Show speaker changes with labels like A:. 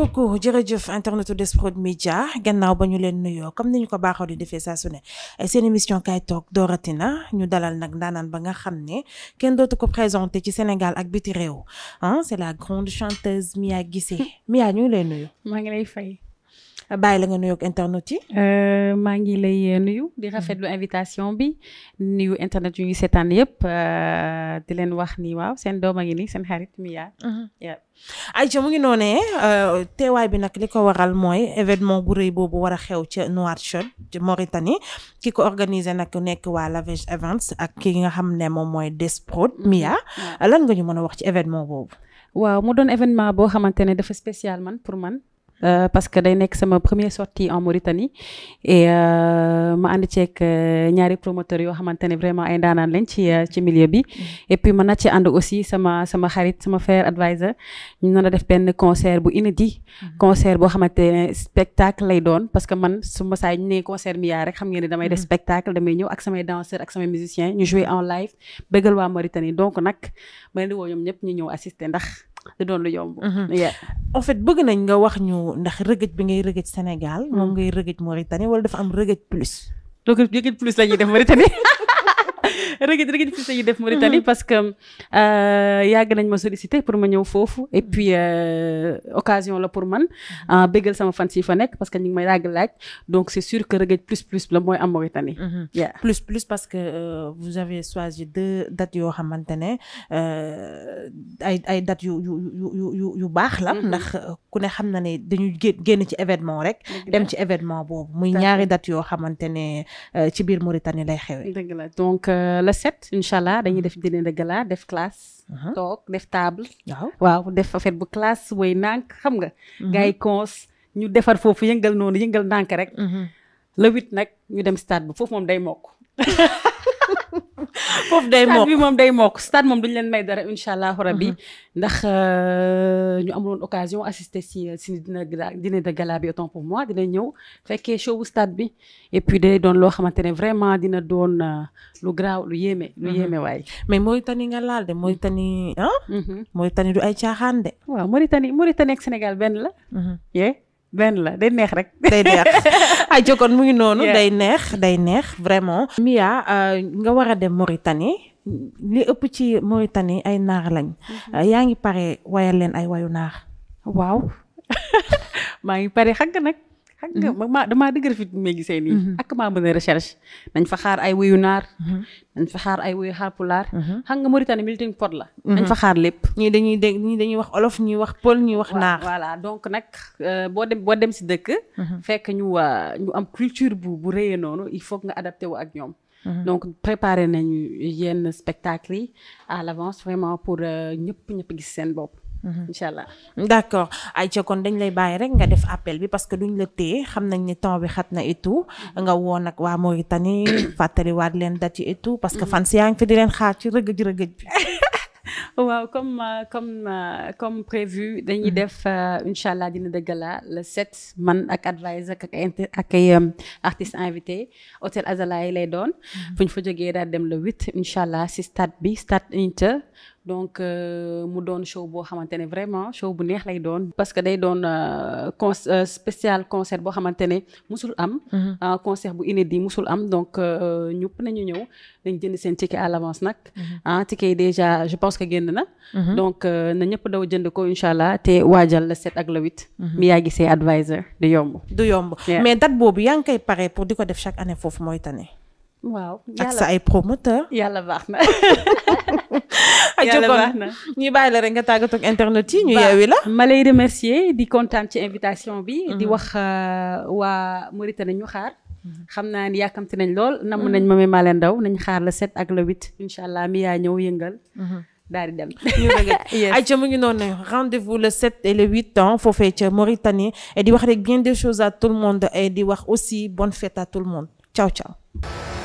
A: beaucoup jërëjëf internetu DS Prod média gannaaw ba ñu leen nuyoo comme ni ñu ko baaxoo di defee saa sune ne seen émission kaay toog na ñu dalal nag daanaan ba nga xam ne kenn dootu ko présenté ci Sénégal ak biti réew ah c'est la grande chanteuse Mia Guissé Mia ñu ngi lay nuyu.
B: maa ngi lay fay.
A: bàyyi la nga nuyoog internet yi. Euh, maa ngi lay
B: euh, nuyu di mm. rafetlu invitation bi nuyu internet yu ñu seetaan yëpp euh, di leen wax ni waaw seen doom a ngi nii seen xarit mi mm-hmm.
A: yaa. Aïcha mu ngi noonee teewaay bi nag li ko waral mooy événement bu rëy boobu war a xew ca Nouakchott ci Mauritanie ki ko organisé nag nekk waa Lavage Events ak ki nga xam ne moom mooy Desprod mm-hmm. Mia lan nga ñu mën a wax ci événement boobu. waaw mu
B: doon événement boo xamante ne dafa spécial man pour man Euh, parce que day nekk sama première sortie en Mauritanie et euh, ma ànd ceeg euh, ñaari promoteurs yoo xamante ne vraiment ay ndaanaan lañ ci euh, ci milieu bi. et puis man na ci ànd aussi sama sama xarit sama frère advisor ñu nar a def benn concert bu inédit. Mhm. concert boo xamante ne spectacle lay doon parce que man su ma saa nee concert mi rek xam ngeen ne damay def mhm. spectacle damay ñëw ak samay danseurs ak samay musiciens ñu jouer en live bëggal waa Mauritanie donc nag ma leen di woo ñoom ñëpp ñu ñëw assister ndax. di doon lu yomb. Mhm.
A: en fait bëgg nañ nga wax ñu ndax rëgëj bi ngay rëgëj Sénégal moom mhm. ngay rëgëj Mauritanie wala dafa am rëgëj plus. rëgëj plus la ñuy def Mauritanie.
B: rëgg rëgg si sañu def Mauritanie parce que euh, yàgg nañ ma sollicité pour ma ñëw foofu et puis euh, occasion la pour man mhm. ah, béggal sama fan si fa nekk parce que ñu ngi may yàgg laaj donc c'est sur que Reguej plus plus la mooy
A: am Mauritanie mhm. yeah plus plus parce que euh, vous avez choisi deux dates yoo xamante ne ay ay dates yu yu yu baax la mhm. ndax ku ne xam na ne dañu génn ci événement rek dem ci événement boobu muy ñaari dat yoo xamante ne ci biir Mauritanie lay xewee dëgg donc le sept incha allah dañuy mhm. def dîner de gala
B: def classe. toog def table. waaw def fête bu classe way nànk xam nga. Mhm. gars yi cons ñu defar foofu yëngal noonu yëngal nànk rek. Mhm. le huit nag ñu dem stade ba foofu moom day mokk. foofu day moom day mokk stade moom duñu leen may dara incha allah rabbi mhm. ndax euh, ñu amuloon occasion assister si euh, si dina dîner de gala bi autant pour moi dina ñëw fekkee show bu bi et puis day doon loo xamante ne vraiment dina doon euh, lu graaw lu yéeme lu mhm. yéeme waay mais Mauritanie nga laal de Mauritanie ah Mauritanie du ay caaxaan de waaw Mauritanie Mauritanie ak Sénégal benn la
A: yee benn la day neex rek. day neex ay kon mu ngi noonu. day neex day neex vraiment. Mia euh, nga war a dem Mauritanie li ëpp ci Mauritanie ay naar lañ. Mhm. Euh, yaa ngi pare wayal leen ay wayu naar. waaw maa ngi pare xagg nag. xam nga mhm. ma damaa dëgër fit may gisee nii. Mhm. ak maa mën
B: a recherche. nañ fa xaar ay wuyu naar. Mhm. nañ fa xaar ay wuyu xaarpulaar. xam nga Mauritanie melting pot la. nañ fa xaar lépp. ñii dañuy dañuy wax olof ñuy wax pël ñuy wax naar. voilà donc nag euh, boo dem si dëkk. fekk ñu waa euh, ñu am culture bu bu rëyee noonu il faut nga adapté wu ak ñoom. donc préparé nañu yenn spectacle yi à
A: l'avance vraiment pour euh, ñëpp ñëpp gis seen bopp. Mm-hmm. incha allah d' accord Aïcha kon dañ lay bàyyi rek nga def appel bi parce que duñ la téye xam nañ ni temps bi xat na et mm-hmm. nga woon ak waa Mauritanie fàttaliwaat leen date yi et parce que mm-hmm. fans yaa ngi fi di leen xaar ci rëgëj rëgëj bi.
B: waaw comme euh, comme euh, comme prévu dañuy def euh, incha allah dina dëggala le 7 man ak advisor ak ak ay artiste invité hôtel Azalaï lay doon. bu ñu fa jógee daal dem le 8 incha allah si bi stade Inter. donc euh, mu doon show boo xamante ne vraiment show bu neex lay doon parce que day doon euh, con euh, spécial concert boo xamante ne musul am mhm. ah, concert bu yi musul am donc ñëpp nañu ñëw dañ jënd seen ticket à l'avance nag mhm. ah ticket yi déjà je pense que génn na mhm. donc na ñëpp daw jënd ko incha allah te waajal la sept ak la huit
A: mi yaa gisee advisor du yomb du yomb mais date boobu yaa ngi koy pare pour di ko def chaque année foofu mooy tane waaw yàlla baax na yàlla baax na ñu bàyyi la rek nga tàggatoo ak internet yi ñu yeewi la. ma lay remercier di
B: kontaan ci invitation bi. Mhm. di wax euh, waa Mauritanie ñu xaar. Mhm. xam naa ni yàkkamti nañ lool. Mhm. namm nañ ma may maa leen daw nañ xaar la 7 ak le 8 incha allah mi yaa ñëw yëngal. daal di dem
A: ayca mu ngi noonu rendez-vous le 7 et le 8 ans foofee ca Mauritanie et di wax rek bien des choses à tout le monde et di wax aussi bonne fête à tout le monde ciao ciao.